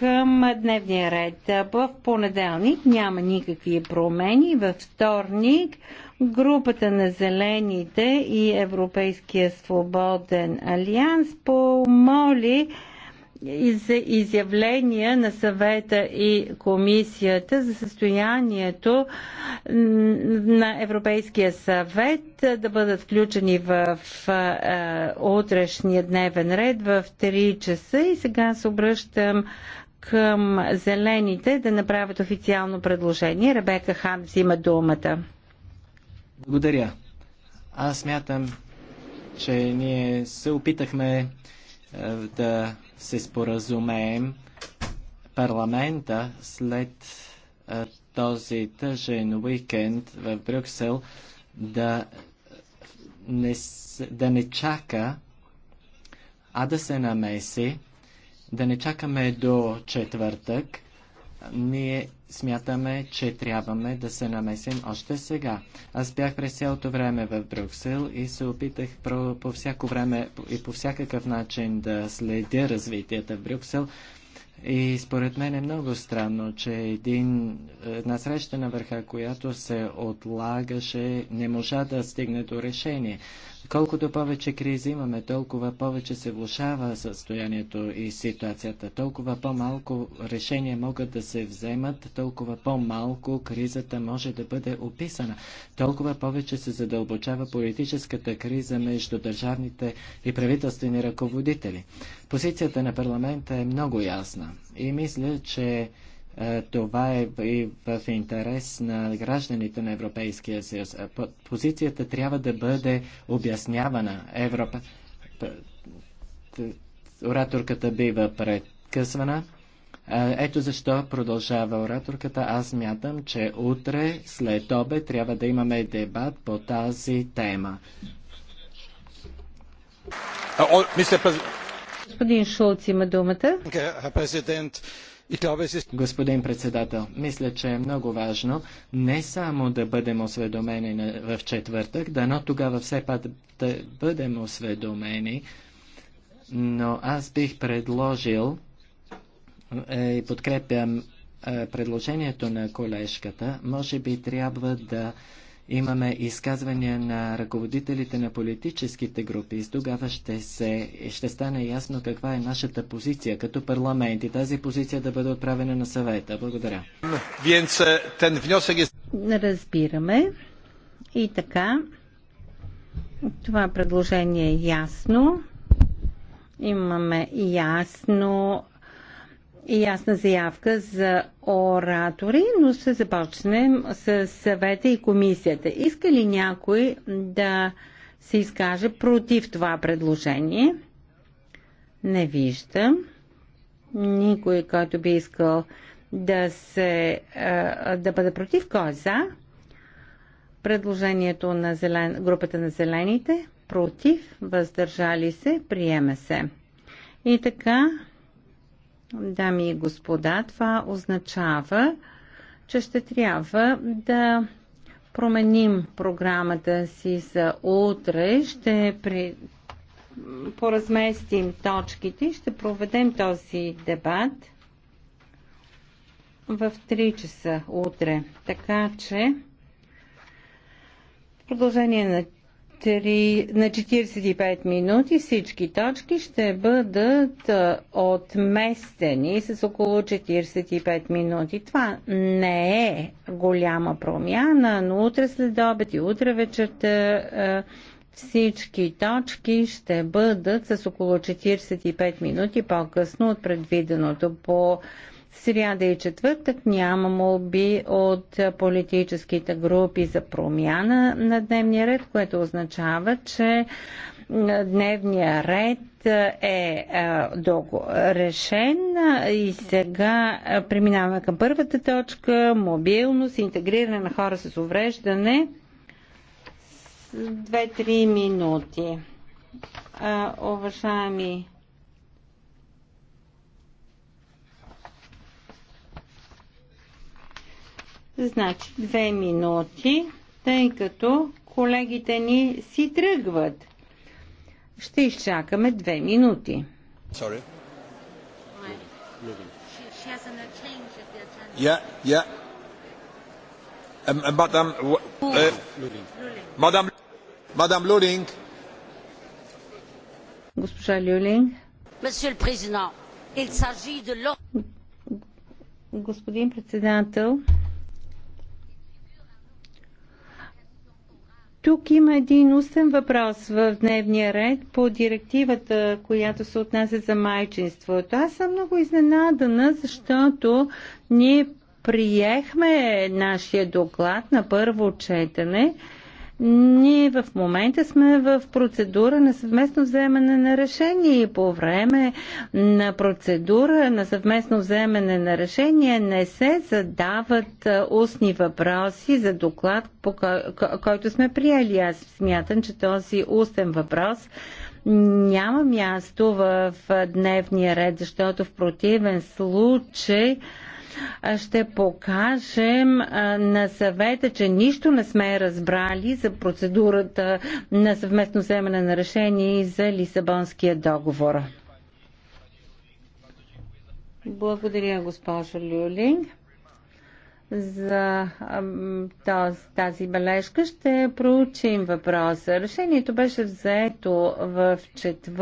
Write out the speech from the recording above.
към дневния ред. В понеделник няма никакви промени. Във вторник групата на Зелените и Европейския свободен алианс помоли за изявления на съвета и комисията за състоянието на Европейския съвет да бъдат включени в утрешния дневен ред в 3 часа и сега се обръщам към зелените да направят официално предложение. Ребека Хан взима думата. Благодаря. Аз мятам, че ние се опитахме е, да се споразумеем парламента след е, този тъжен уикенд в Брюксел да не, да не чака, а да се намеси да не чакаме до четвъртък. Ние смятаме, че трябваме да се намесим още сега. Аз бях през цялото време в Брюксел и се опитах по всяко време и по всякакъв начин да следя развитията в Брюксел. И според мен е много странно, че един, една среща на върха, която се отлагаше, не можа да стигне до решение. Колкото повече кризи имаме, толкова повече се влушава състоянието и ситуацията, толкова по-малко решения могат да се вземат, толкова по-малко кризата може да бъде описана, толкова повече се задълбочава политическата криза между държавните и правителствени ръководители. Позицията на парламента е много ясна и мисля, че е, това е и в интерес на гражданите на Европейския съюз. Е, позицията трябва да бъде обяснявана. Европа... Ораторката бива прекъсвана. Е, ето защо продължава ораторката. Аз мятам, че утре след обе трябва да имаме дебат по тази тема. Господин Шулц има думата. Господин председател, мисля, че е много важно не само да бъдем осведомени в четвъртък, да, но тогава все пак да бъдем осведомени, но аз бих предложил е, и подкрепям е, предложението на колежката. Може би трябва да имаме изказвания на ръководителите на политическите групи и тогава ще, се, ще стане ясно каква е нашата позиция като парламент и тази позиция да бъде отправена на съвета. Благодаря. Е- Разбираме. И така, това предложение е ясно. Имаме ясно ясна заявка за оратори, но ще започнем с съвета и комисията. Иска ли някой да се изкаже против това предложение? Не виждам. Никой, който би искал да, се, да бъде против, кой е за? Предложението на зелен, групата на зелените против, въздържали се, приеме се. И така, Дами и господа, това означава, че ще трябва да променим програмата си за утре, ще при... поразместим точките и ще проведем този дебат в 3 часа утре. Така че в продължение на 4, на 45 минути всички точки ще бъдат отместени с около 45 минути. Това не е голяма промяна, но утре след обед и утре вечерта всички точки ще бъдат с около 45 минути по-късно от предвиденото по сряда и четвъртък няма молби от политическите групи за промяна на дневния ред, което означава, че дневния ред е, е решен и сега е, преминаваме към първата точка мобилност, интегриране на хора с увреждане. 2-3 минути. Е, уважаеми Значи, две минути, тъй като колегите ни си тръгват. Ще изчакаме две минути. Sorry. Yeah, yeah. Мадам, um, мадам, uh, uh, Госпожа Люлинг. Господин председател, Тук има един устен въпрос в дневния ред по директивата, която се отнася за майчинството. Аз съм много изненадана, защото ние приехме нашия доклад на първо четене ние в момента сме в процедура на съвместно вземане на решение и по време на процедура на съвместно вземане на решение не се задават устни въпроси за доклад, по който сме приели. Аз смятам, че този устен въпрос няма място в дневния ред, защото в противен случай ще покажем на съвета, че нищо не сме разбрали за процедурата на съвместно вземане на решение и за Лисабонския договор. Благодаря, госпожо Люлинг за тази бележка ще проучим въпроса. Решението беше взето в Четвър.